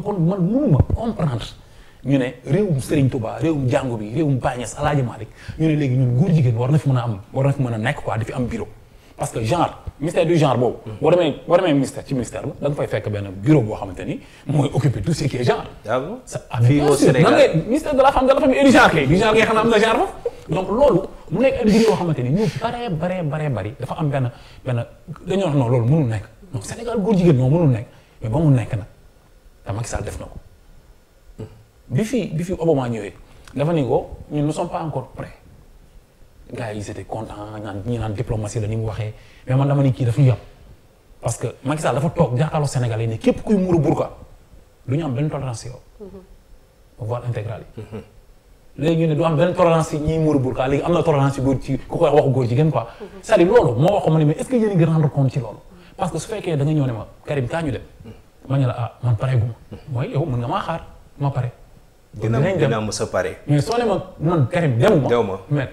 donc kon man mënuma comprendre ñu ne réewum Serigne Touba réewum jàngu bi réewum Bañes Alaaji Malick ñu ne léegi ñun góor jigéen war na fi mën a am war na fi mën a nekk quoi dafi am bureau parce que genre ministère du genre boobu. Hmm. boo demee boo demee ministère ci ministère ba boo xamante ni mooy occuper tout ce qui est genre. Ah, la femme de la famille et du genre kay du genre kay ne am mu nekk ay bureau yoo ni ñu baree baree baree bari dafa am benn benn dañoo wax non loolu mënul nekk donc Sénégal góor jigéen ñoo mënul nekk mais ba mu nekk nag. te Macky Sall def na ko bi fi bi fi Obama ñëwee dafa ni ko ñun ne sommes pas encore prêts gars yi ils étaient contents ñaan ñi naan diplomatie la ni mu waxee mais man dama ni kii daf ñu yàpp parce que Macky Sall dafa toog jàkkaarloo Sénégalais yi ne képp kuy muuru burka du ñu am benn tolérance yow. Mm-hmm. voile intégral yi. Mm-hmm. léegi ñu ne du am benn tolérance yi ñuy muuru burka léegi am na tolérance yu góor ci ku koy wax góor jigéen quoi. Mm-hmm. cest à loolu moo wax ko ma ne mais est-ce que yéen a ngi ma ne la ah man pare gu ma mooy yow mën nga maa xaar ma pare. dinañ dem dina mos sa pare. mais soo ne ma man Karim dem ma. dem ma mais.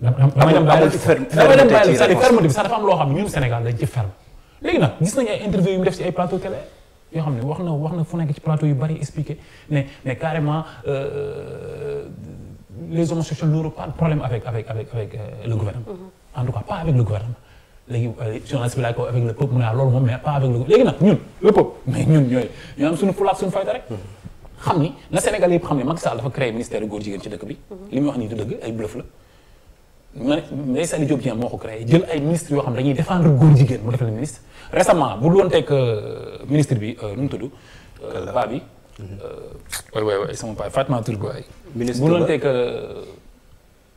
dama dem bàyyi la ferme bi sax dafa am loo xam ne ñun Sénégal dañ ci ferme. léegi nag gis nañ ay interview yu mu def si ay plateau télé yoo xam ne wax na wax na fu nekk ci plateau yu bari expliqué ne ne carrément euh, les homosexuels n'auront pas de problème avec avec avec avec euh, le gouvernement. Mm-hmm. en tout pas avec le gouvernement. léegi journaliste bi laaj ko avec le peuple mu ne nag ñun le peuple mais ñun ñooy ñoo am suñu fulaak suñu fayda rek xam ni la Sénégal yëpp xam ne Macky Sall dafa créé ministère góor jigéen ci dëkk bi mhm. li muy wax nii du dëgg ay bluff la ma Ndeye Saly Diop Dieng moo ko créé jël ay ministre yoo xam ne dañuy défendre góor jigéen mu def le ministre récemment bu doon teg euh, ministre bi euh, nu mu tudd euh, baa bi mhm. waay waay waay sama paa Fatma Touré bu doon teg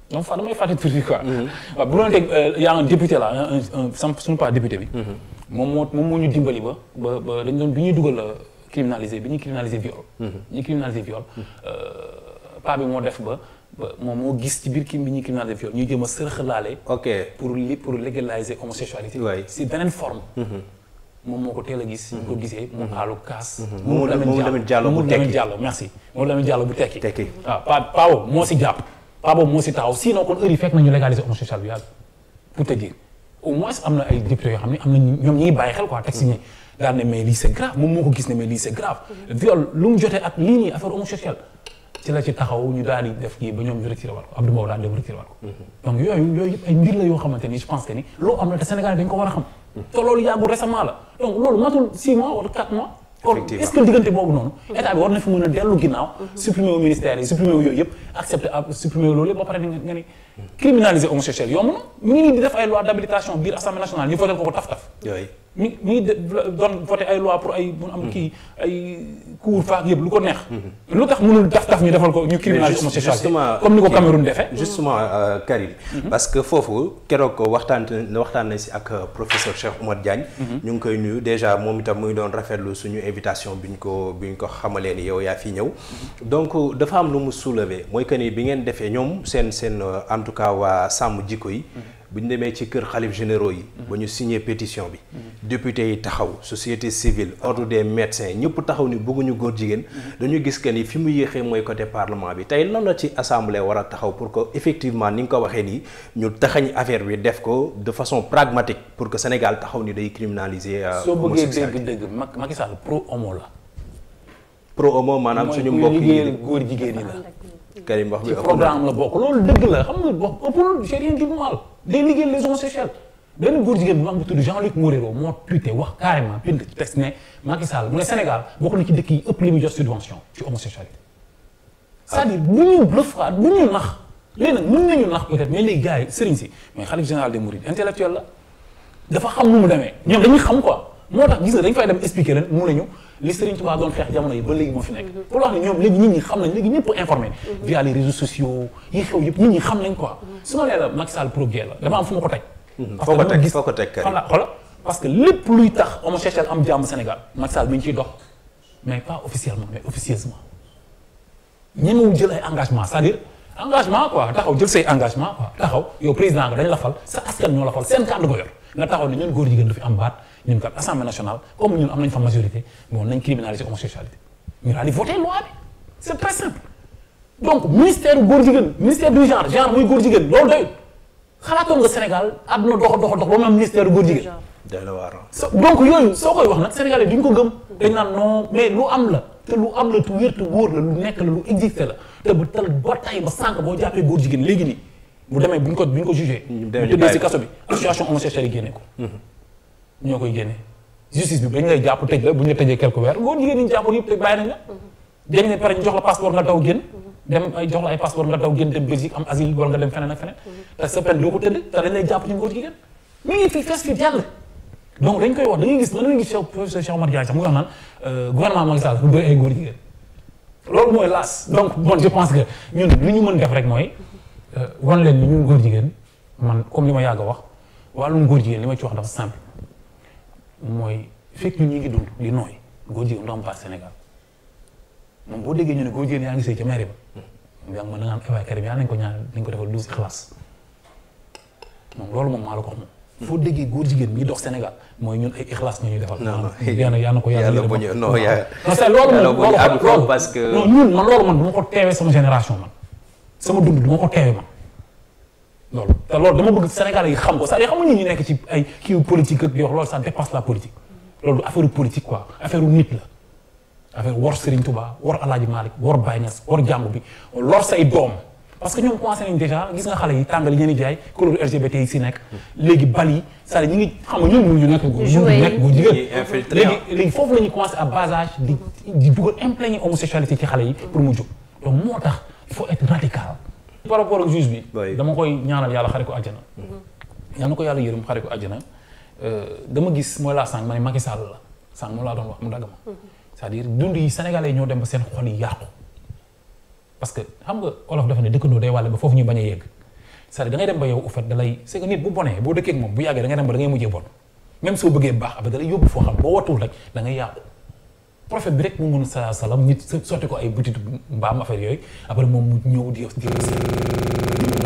donc fa damay fàtte tur bi quoi. Mhm. waaw bu doon teg euh, y' a un député là un suñu pas député bi. Mhm. moom moo moom moo ñu dimbali ba ba ba dañu doon bi ñuy dugal euh, criminalisé bi ñuy criminalisé viol. Mhm. ñuy criminalisé viol euh, paa bi moo def ba ba moom moo gis ci biir kii bi ñuy criminalisé viol ñuy jéem a sërxalaale. ok pour li pour légaliser homosexualité. waay si beneen forme. moom moo ko teel a gis. ñu ko gisee mu aalu kaas. Mamadou Lamine Diallo Mamadou Lamine Diallo merci. Mamadou Lamine Diallo bu tekki. tekki waaw ah, Pa Pao moo si jàpp. pas boobu moo si taxaw sinon kon heure fekk nañu légaliser homosexuel bi yàgg pour te dire au moins am na ay députés yoo xam ne ñoom ñi bàyyi xel quoi texte ñi daal moom moo ko gis ne mais lii c'est grave viol lu mu jotee ak lii nii affaire homosexuel ci la ci taxaw ñu daal di def kii ba ñoom ñu retiré waat ko Abdou Mbow daal dem retiré ko donc yooyu yooyu yëpp ay mbir la yoo xamante ni je pense que ni loo am la te Sénégal dañ ko war a xam te effectivement est-ce que diggante boobu noonu. état bi war na fi mën a dellu ginnaaw. supprimer wu ministère yi wu yooyu yëpp accepté à ah, wu loolu yëpp ba pare nga ni criminaliser homosexuel yomb na mu ngi di def ay loi d'habilitation biir assemblée nationale ñu voté ko ko taf-taf. mi mi doon voté ay loi pour ay mun am hmm. kii ay cour faak yëpp lu ko neex hmm. lu tax mënul taf taf ñu defal ko ñu criminaliser homosexualité comme ni ko Cameroun defee justement euh, Karim hmm. parce que foofu keroog ko waxtaan waxtaan nañ si ak euh, professeur Cheikh Oumar Diagne ñu ngi koy nuyu déjà moom itam muy doon rafetlu suñu invitation bi ñu ko bi ñu ko xamalee ni yow yaa fi ñëw donc dafa am lu mu soulever mooy que ni bi ngeen defee ñoom seen seen euh, en tout cas waa sàmm jikko yi bu ñu demee ci kër xalif généraux yi. ba ñu signé pétition bi. député yi taxaw société civile ordre des médecins ñëpp taxaw ni bëgguñu góor jigéen. dañu gis que ni fi mu yéexee mooy côté parlement bi tey lan la ci assemblée wara taxaw pour que effectivement ni nga ko waxee nii ñu taxañ affaire bi def ko de façon pragmatique pour que Sénégal taxaw ni day criminaliser. Euh, soo bëggee dégg dégg Macky Sall pro homo la. pro homo maanaam suñu mbokk yi góor jigéen la. Karim wax bi ci programme la bokk loolu dëgg la xam nga wax ëppul j'ai rien dit de mal day liggéey les zones sexuelles benn góor jigéen bu mag bu tudd Jean-Luc Moreau moo tweeté wax carrément bind ci texte ne Macky Sall mu ne Sénégal bokk na ci dëkk yi ëpp bu ñu bluffaat bu ñu nag mën nañu nax peut-être mais léegi gars yi sëriñ si général des mourides intellectuel la dafa xam nu mu demee ñoom dañuy xam quoi moo tax gis nga dañ fay dem expliquer leen mu nañu li Serigne Touba doon xeex jamono yi ba léegi moo fi nekk pour wax ne ñoom léegi nit ñi xam nañ léegi ñëpp informé via les réseaux su ma nee la Macky Sall pro ko teg mm-hmm. foo ko teg parce que lépp luy am jàmm Sénégal Macky Sall mi ngi ciy dox mais pas officiellement mais officieusement ñemewul jël engagement c'est-à-dire engagement quoi taxaw jël say engagement quoi taxaw yow président nga dañ la fal sa askan ñoo la fal seen kàddu ko yor nga taxaw ne ñun jigéen du fi am baat ñun kat assemblée nationale comme ñun am nañ fa majorité bon nañ criminaliser homosexualité ñu daal donc ministère góor jigéen ministère du genre genre muy góor jigéen loolu doyul xalaatoon nga Sénégal àdduna dox dox dox ba mu am ministère du góor jigéen. donc yooyu soo koy wax nag Sénégalais duñ ko gëm. dañ naan non mais lu am la te lu am la tu wér te wóor la lu nekk la lu existé la te bu tal ba tay ba sànq boo jàppee góor jigéen léegi ni bu demee bu ko ko jugee. ñu demee ñu tëddee génne ko. Mhm. ñoo koy génne justice bi bañ lay jàpp tëj la bu ñu la tëjee quelque weer góor jigéen ñi jàppoon yëpp tëj bàyyi nañ la dañ ne pare ñu jox la passeport nga dem jox ay passeport nga daw génn dem dem feneen ak feneen te sa peine doo ko tëdd te dañ lay jàpp ci góor jigéen mi ngi fii fes fi jàll donc dañ koy wax da gis da ngay gis professeur Cheikh Omar Diagne sax mu wax naan euh, gouvernement Macky Sall bu bëri ay góor jigéen loolu mooy laas donc bon je pense que ñun li ñu mën def rek mooy euh, wan leen ni ñun góor jigéen man comme li ma yàgg a wax wàllum góor jigéen li ma ci wax dafa simple mooy fekk ñu ngi dund di nooy góor jigéen du am paas Sénégal boo déggee ñu ne góor jigéen yaa ngi sëy ca nañ ko ñaan nañ ko defal douze xalaas loolu moom maa la ko wax moom. góor jigéen mi dox Sénégal mooy ñun ay ixlaas ñu ñu defal. na ko yaa na ko non yaa. loolu moom loolu parce que. non ñun man loolu man du ma ko teewee sama génération man sama dund du ma ko teewee man. loolu te loolu dama bëgg Sénégal yi xam ko sax yoo xam nga ñu nekk ci ay kii politique ak yoo loolu ça dépasse la politique loolu affaire politique quoi affaire nit la affaire wor Serigne Touba wor El Hadj Malick wor Baye Niass wor jàmb bi lor say doom parce que ñoom commencé nañ déjà gis nga xale yi tàngal yi ñuy jaay kuréelu LGBT yi si nekk léegi bal yi ñu ngi xam nga ñoom ñu nekk góor nekk góor jigéen léegi léegi foofu la ñuy commencé à bas âge di di dugal imprégné pour mu jóg moo tax il par rapport ak juge bi. dama koy ñaanal yàlla xare ko àjjana. Mhm. yal na ko yàlla yërëm xare ko àjjana euh, dama gis mooy laa sànq ma ne Macky Sall la sànq moom laa doon wax mu dagg ma. Mhm. c'est-à-dire yi sénégalais ñoo dem ba seen xol yi yàqu. parce xam nga olof dafa ne dëkkandoo day wàlle ba foofu ñuy bañ a yegg c'est-à-dire dem ba yow ufet da lay c'est que nit bu bonee boo dëkkee ak moom bu yàggee da dem ba da ngay mujjee bon même soo bëggee baax ba da lay yóbbu foo xam boo wattuwul rek da prophète bi rek mu mën a salaam nit sotti ko ay butitu mbaam affaire yooyu après moom mu ñëw di yow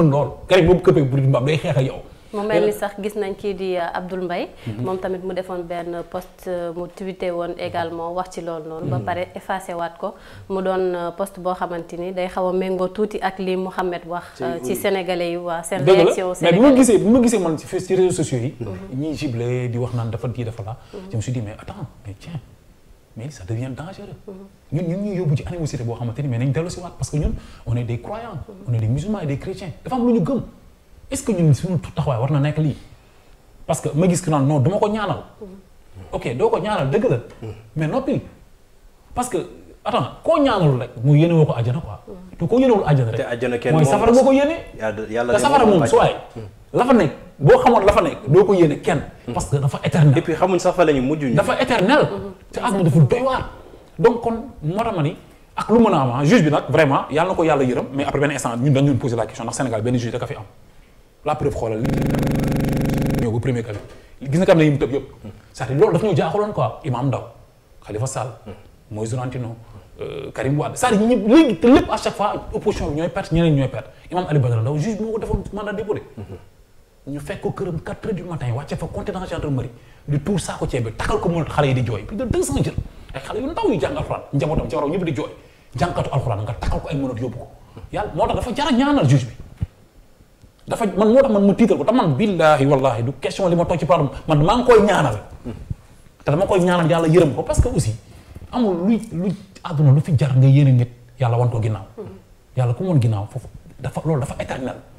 lool kari boobu xeex ak yow mu mel ni sax gis nañ kii di euh, Abdoul mbay mhm. moom tamit mu defoon benn post euh, mu tweeté woon également wax ci loolu noonu. ba mhm. pare effacé waat ko mu doon euh, post boo xamante ni day xaw a méngoo tuuti ak li Mouhamed wax. ci sénégalais yi waa seen réaction. mais bi ma gisee bi ma gisee man ci réseaux sociaux yi. Mhm. ñiy ciblé di wax naan dafa kii dafa mais ça devient dangereux. ñun ñu ngi ñuy yóbbu ci animosité boo xamante ni mais nañ dellu si waat parce que ñun on est des croyants. on est des musulmans et lu ñu gëm est que ñun suñu taxawaay war na nekk lii parce que ma gis que naan non duma ko ñaanal. ok doo dëgg la. mais noppil parce que attends koo ñaanalul rek mu yéene woo ko àjjana quoi. Mm. te koo yéenewul àjjana rek. te àjjana kenn mooy safara moo ko yéene. yàlla de yàlla de safara moom su waay mm. la fa boo xamoon la fa nekk doo ko yéene kenn. Mm. parce que dafa éternel. et puis xamuñ sax fa la ñu mujj. dafa éternel. te àdduna dafa doy waar. donc kon moo tax ni ak lu mën a am ah, juge bi nag vraiment yàlla ko yàlla yërëm mais après benn instant ñun dañu leen posé la question ndax Sénégal benn juge da ka fi ne yi mu tëb yëpp. Mm. c'est-à-dire loolu daf ñu jaaxaloon quoi Imam Ndaw Khalifa Sall. Mm. Moïse Sorantino. Euh, Karim Wade c'est-à-dire ñëpp léegi te lépp à ñu fekk ko këram quatre heures du matin wàcce fa contenant gendarmerie di tuur saako ceeb bi takkal ko mu xale yi di jooy plus de deux cent jeunes ay xale yu ndaw yu jàng alxuraan njabootam ca waraw nga takkal ko ay mënat yóbbu ko yàlla moo tax dafa jara ñaanal juge bi dafa man moo tax man mu tiital ko te man billaahi wallaahi du question li ma toog ci problème man maa ngi koy ñaanal te dama koy ñaanal yàlla yërëm ko parce que aussi amul luy lu àdduna lu fi jar nga yéene nit yàlla wan ko ginnaaw mm-hmm. yàlla ku mu woon dafa loolu dafa éternel